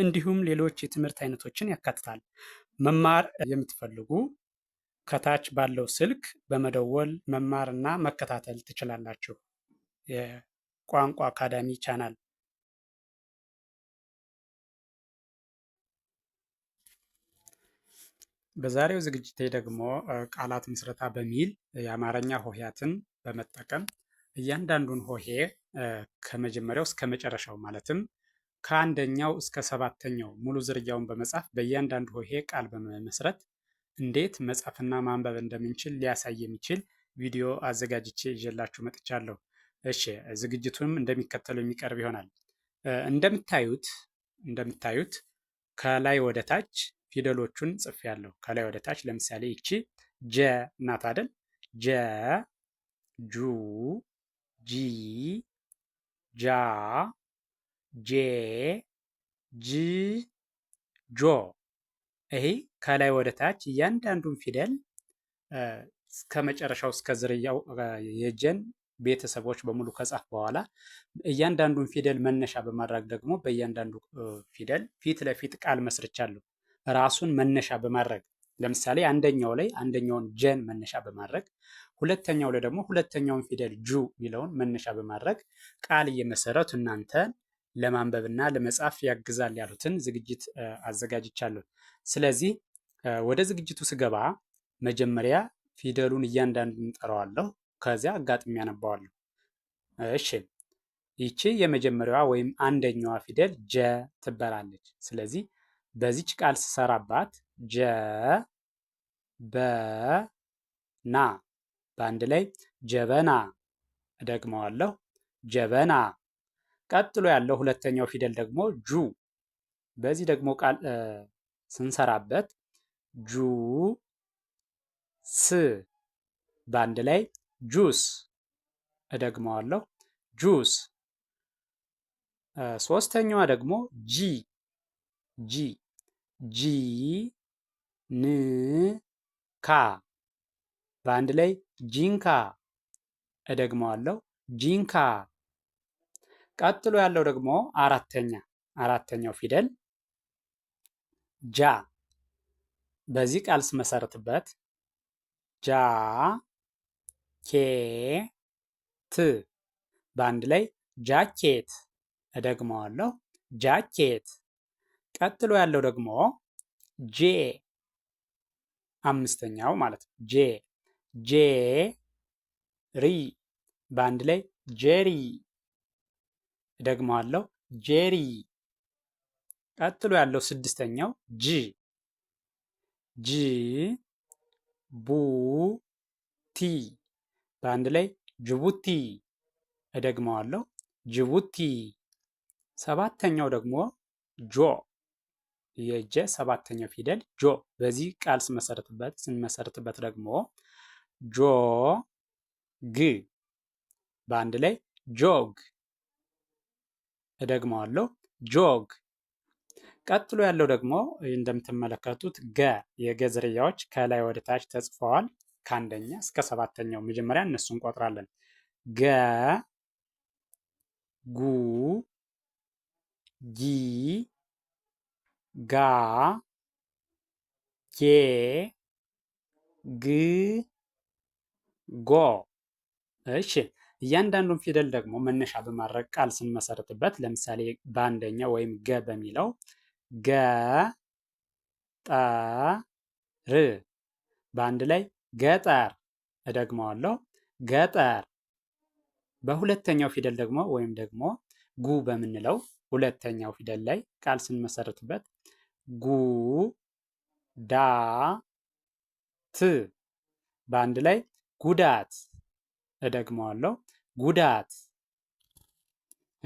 እንዲሁም ሌሎች የትምህርት አይነቶችን ያካትታል። መማር የምትፈልጉ ከታች ባለው ስልክ በመደወል መማርና መከታተል ትችላላችሁ። የቋንቋ አካዳሚ ቻናል በዛሬው ዝግጅቴ ደግሞ ቃላት ምስረታ በሚል የአማርኛ ሆሄያትን በመጠቀም እያንዳንዱን ሆሄ ከመጀመሪያው እስከ መጨረሻው ማለትም ከአንደኛው እስከ ሰባተኛው ሙሉ ዝርያውን በመጻፍ በእያንዳንዱ ሆሄ ቃል በመመስረት እንዴት መጻፍና ማንበብ እንደምንችል ሊያሳይ የሚችል ቪዲዮ አዘጋጅቼ ይዤላችሁ መጥቻለሁ። እሺ ዝግጅቱንም እንደሚከተለው የሚቀርብ ይሆናል። እንደምታዩት እንደምታዩት ከላይ ወደ ታች ፊደሎቹን ጽፌያለሁ። ከላይ ወደ ታች ለምሳሌ ይቺ ጀ ናት አደል ጀ ጁ ጂ ጃ ጄ ጅ ጆ ይሄ ከላይ ወደ ታች እያንዳንዱን ፊደል እስከ መጨረሻው እስከ ዝርያው የጀን ቤተሰቦች በሙሉ ከጻፍ በኋላ እያንዳንዱን ፊደል መነሻ በማድረግ ደግሞ በእያንዳንዱ ፊደል ፊት ለፊት ቃል መስርቻለሁ። ራሱን መነሻ በማድረግ ለምሳሌ አንደኛው ላይ አንደኛውን ጀን መነሻ በማድረግ ሁለተኛው ላይ ደግሞ ሁለተኛውን ፊደል ጁ የሚለውን መነሻ በማድረግ ቃል እየመሰረቱ እናንተ ለማንበብና ለመጻፍ ያግዛል ያሉትን ዝግጅት አዘጋጅቻለሁ። ስለዚህ ወደ ዝግጅቱ ስገባ መጀመሪያ ፊደሉን እያንዳንዱን ጠራዋለሁ። ከዚያ አጋጥሚ ያነባዋለሁ። እሺ ይቺ የመጀመሪያዋ ወይም አንደኛዋ ፊደል ጀ ትበላለች። ስለዚህ በዚች ቃል ስሰራባት ጀ በ ና በአንድ ላይ ጀበና። እደግመዋለሁ ጀበና ቀጥሎ ያለው ሁለተኛው ፊደል ደግሞ ጁ። በዚህ ደግሞ ቃል ስንሰራበት ጁ ስ በአንድ ላይ ጁስ። እደግመዋለሁ ጁስ። ሶስተኛዋ ደግሞ ጂ ጂ ጂ ን ካ በአንድ ላይ ጂንካ። እደግመዋለሁ ጂንካ። ቀጥሎ ያለው ደግሞ አራተኛ አራተኛው ፊደል ጃ። በዚህ ቃል ስመሰረትበት ጃ ኬት በአንድ ላይ ጃኬት። እደግመዋለሁ ጃኬት። ቀጥሎ ያለው ደግሞ ጄ አምስተኛው ማለት ነው። ጄ ጄ ሪ በአንድ ላይ ጄሪ ደግመዋለሁ፣ ጄሪ። ቀጥሎ ያለው ስድስተኛው ጂ ጂ ቡ ቲ በአንድ ላይ ጅቡቲ። እደግመዋለሁ፣ ጅቡቲ። ሰባተኛው ደግሞ ጆ የጀ ሰባተኛው ፊደል ጆ። በዚህ ቃል ስመሰረትበት ስንመሰርትበት ደግሞ ጆ ግ በአንድ ላይ ጆግ እደግመዋለሁ ጆግ። ቀጥሎ ያለው ደግሞ እንደምትመለከቱት ገ የገዝርያዎች ከላይ ወደ ታች ተጽፈዋል። ከአንደኛ እስከ ሰባተኛው መጀመሪያ እነሱ እንቆጥራለን። ገ ጉ ጊ ጋ ጌ ግ ጎ። እሺ እያንዳንዱን ፊደል ደግሞ መነሻ በማድረግ ቃል ስንመሰርትበት ለምሳሌ በአንደኛው ወይም ገ በሚለው ገ ጠር በአንድ ላይ ገጠር። እደግመዋለሁ ገጠር። በሁለተኛው ፊደል ደግሞ ወይም ደግሞ ጉ በምንለው ሁለተኛው ፊደል ላይ ቃል ስንመሰርትበት ጉ ዳ ት በአንድ ላይ ጉዳት እደግመዋለሁ ጉዳት።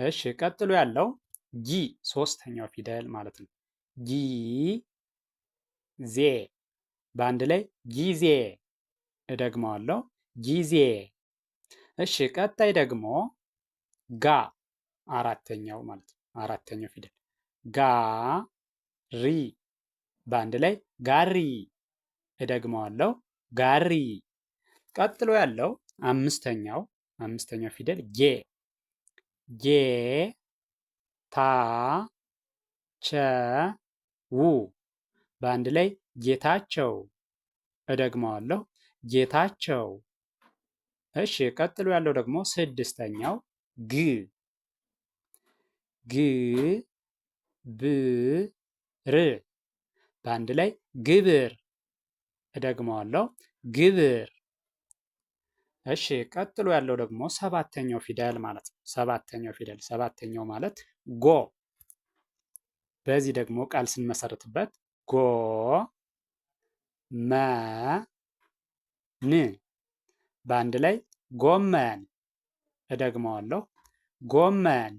እሺ ቀጥሎ ያለው ጊ ሶስተኛው ፊደል ማለት ነው። ጊ ዜ በአንድ ላይ ጊዜ። እደግመዋለሁ ጊዜ። እሺ ቀጣይ ደግሞ ጋ አራተኛው ማለት ነው። አራተኛው ፊደል ጋ ሪ በአንድ ላይ ጋሪ። እደግመዋለሁ ጋሪ። ቀጥሎ ያለው አምስተኛው አምስተኛው ፊደል ጌ ጌ ታ ቸ ው በአንድ ላይ ጌታቸው። እደግመዋለሁ ጌታቸው። እሺ፣ ቀጥሎ ያለው ደግሞ ስድስተኛው ግ ግ ብ ር በአንድ ላይ ግብር። እደግመዋለሁ ግብር። እሺ ቀጥሎ ያለው ደግሞ ሰባተኛው ፊደል ማለት ነው። ሰባተኛው ፊደል ሰባተኛው ማለት ጎ። በዚህ ደግሞ ቃል ስንመሰርትበት ጎ መ ን በአንድ ላይ ጎመን። እደግመዋለሁ ጎመን።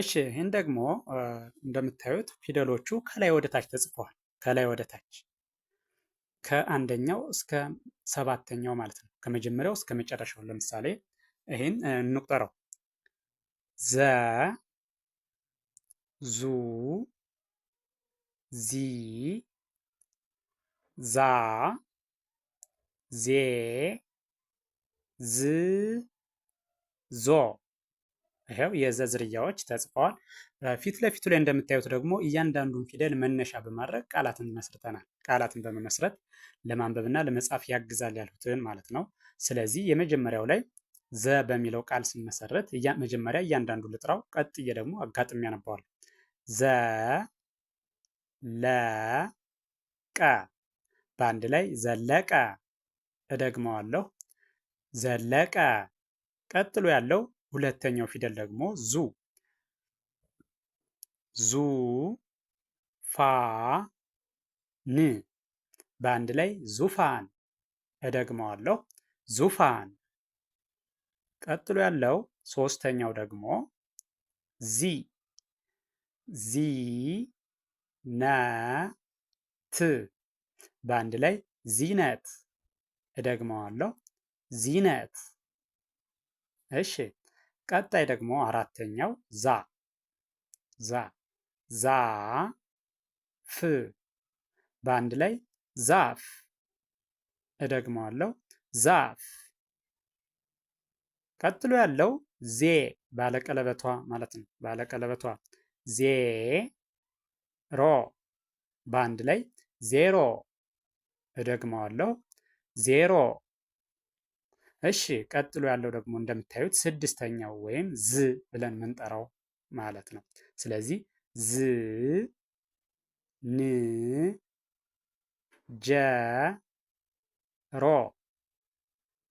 እሺ ይህን ደግሞ እንደምታዩት ፊደሎቹ ከላይ ወደ ታች ተጽፈዋል። ከላይ ወደ ታች ከአንደኛው እስከ ሰባተኛው ማለት ነው። ከመጀመሪያው እስከ መጨረሻው። ለምሳሌ ይህን እንቁጠረው። ዘ ዙ ዚ ዛ ዜ ዝ ዞ ይኸው የዘ ዝርያዎች ተጽፈዋል። ፊት ለፊቱ ላይ እንደምታዩት ደግሞ እያንዳንዱን ፊደል መነሻ በማድረግ ቃላትን መስርተናል። ቃላትን በመመስረት ለማንበብና ለመጻፍ ያግዛል ያልሁትን ማለት ነው። ስለዚህ የመጀመሪያው ላይ ዘ በሚለው ቃል ሲመሰረት መጀመሪያ እያንዳንዱ ልጥራው፣ ቀጥዬ ደግሞ አጋጥሚ ያነባዋል። ዘ ለ ቀ በአንድ ላይ ዘለቀ። እደግመዋለሁ ዘለቀ። ቀጥሎ ያለው ሁለተኛው ፊደል ደግሞ ዙ ዙ ፋ ን በአንድ ላይ ዙፋን። እደግመዋለሁ ዙፋን። ቀጥሎ ያለው ሶስተኛው ደግሞ ዚ ዚ ነ ት በአንድ ላይ ዚነት። እደግመዋለሁ ዚነት። እሺ፣ ቀጣይ ደግሞ አራተኛው ዛ ዛ ዛ ፍ በአንድ ላይ ዛፍ። እደግመዋለሁ ዛፍ። ቀጥሎ ያለው ዜ ባለቀለበቷ ማለት ነው። ባለቀለበቷ ዜ ሮ በአንድ ላይ ዜሮ። እደግመዋለሁ ዜሮ። እሺ ቀጥሎ ያለው ደግሞ እንደምታዩት ስድስተኛው ወይም ዝ ብለን የምንጠራው ማለት ነው። ስለዚህ ዝ ን ጀ ሮ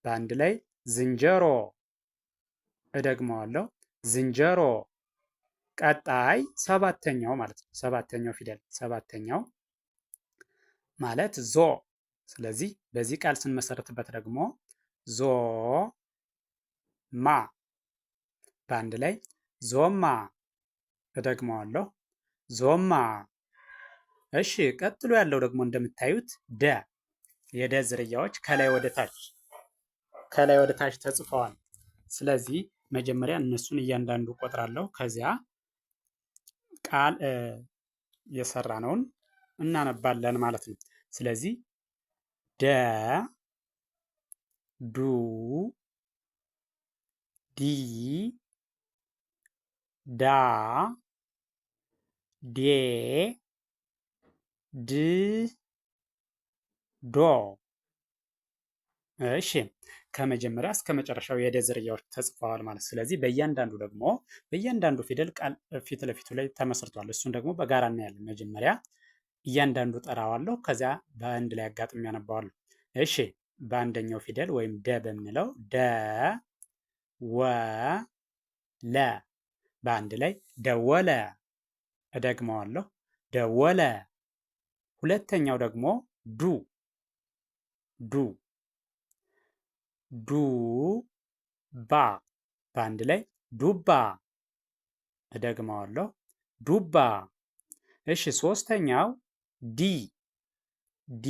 በአንድ ላይ ዝንጀሮ። እደግመዋለሁ ዝንጀሮ። ቀጣይ ሰባተኛው ማለት ነው። ሰባተኛው ፊደል ሰባተኛው ማለት ዞ። ስለዚህ በዚህ ቃል ስንመሰርትበት ደግሞ ዞ ማ በአንድ ላይ ዞማ። እደግመዋለሁ ዞማ። እሺ ቀጥሎ ያለው ደግሞ እንደምታዩት ደ የደ ዝርያዎች ከላይ ወደ ታች ከላይ ወደ ታች ተጽፈዋል። ስለዚህ መጀመሪያ እነሱን እያንዳንዱ ቆጥራለሁ። ከዚያ ቃል የሰራ ነውን እናነባለን ማለት ነው። ስለዚህ ደ ዱ ዲ ዳ ዴ ድ ዶ እሺ ከመጀመሪያ እስከ መጨረሻው የደ ዝርያዎች ተጽፈዋል ማለት ስለዚህ በእያንዳንዱ ደግሞ በእያንዳንዱ ፊደል ቃል ፊት ለፊቱ ላይ ተመስርቷል እሱን ደግሞ በጋራ እናያለን መጀመሪያ እያንዳንዱ ጠራዋለሁ ከዚያ በአንድ ላይ አጋጥሚ ያነባዋለሁ እሺ በአንደኛው ፊደል ወይም ደ በምንለው ደ ወ ለ በአንድ ላይ ደወለ እደግመዋለሁ ደወለ። ሁለተኛው ደግሞ ዱ ዱ ዱ ባ በአንድ ላይ ዱባ። እደግመዋለሁ ዱባ። እሺ ሶስተኛው ዲ ዲ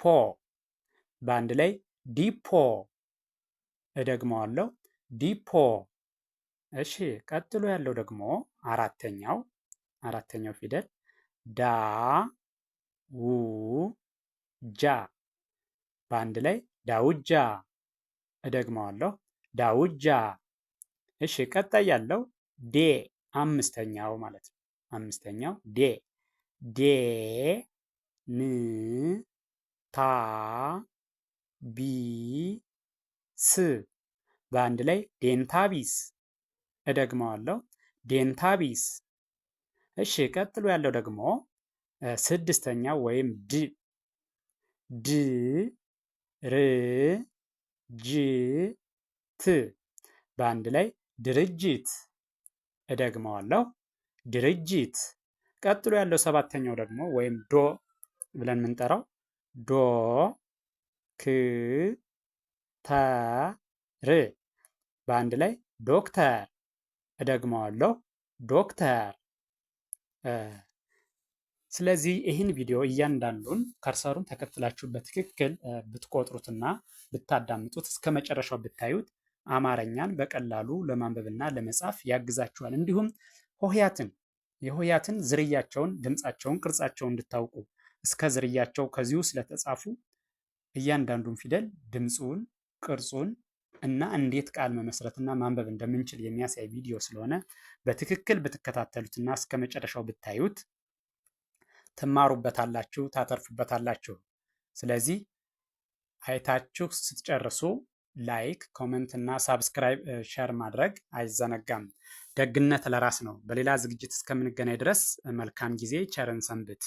ፖ በአንድ ላይ ዲፖ። እደግመዋለሁ ዲፖ። እሺ ቀጥሎ ያለው ደግሞ አራተኛው አራተኛው ፊደል ዳ ው ጃ በአንድ ላይ ዳውጃ። እደግመዋለሁ ዳውጃ። እሺ ቀጣይ ያለው ዴ አምስተኛው ማለት ነው። አምስተኛው ዴ ዴ ን ታ ቢ ስ በአንድ ላይ ዴንታቢስ እደግመዋለሁ ዴንታቢስ። እሺ ቀጥሎ ያለው ደግሞ ስድስተኛ ወይም ድ ድ ር ጅ ት በአንድ ላይ ድርጅት። እደግመዋለሁ ድርጅት። ቀጥሎ ያለው ሰባተኛው ደግሞ ወይም ዶ ብለን የምንጠራው ዶ ክ ተ ር በአንድ ላይ ዶክተር እደግመዋለሁ ዶክተር። ስለዚህ ይህን ቪዲዮ እያንዳንዱን ከርሰሩን ተከትላችሁ በትክክል ብትቆጥሩትና ብታዳምጡት እስከ መጨረሻው ብታዩት አማርኛን በቀላሉ ለማንበብና ለመጻፍ ያግዛችኋል። እንዲሁም ሆሄያትን የሆሄያትን ዝርያቸውን፣ ድምፃቸውን፣ ቅርጻቸውን እንድታውቁ እስከ ዝርያቸው ከዚሁ ስለተጻፉ እያንዳንዱን ፊደል ድምፁን፣ ቅርጹን እና እንዴት ቃል መመስረትና ማንበብ እንደምንችል የሚያሳይ ቪዲዮ ስለሆነ በትክክል ብትከታተሉትና እስከ መጨረሻው ብታዩት ትማሩበታላችሁ፣ ታተርፉበታላችሁ። ስለዚህ አይታችሁ ስትጨርሱ ላይክ፣ ኮመንት እና ሳብስክራይብ፣ ሸር ማድረግ አይዘነጋም። ደግነት ለራስ ነው። በሌላ ዝግጅት እስከምንገናኝ ድረስ መልካም ጊዜ፣ ቸርን ሰንብት።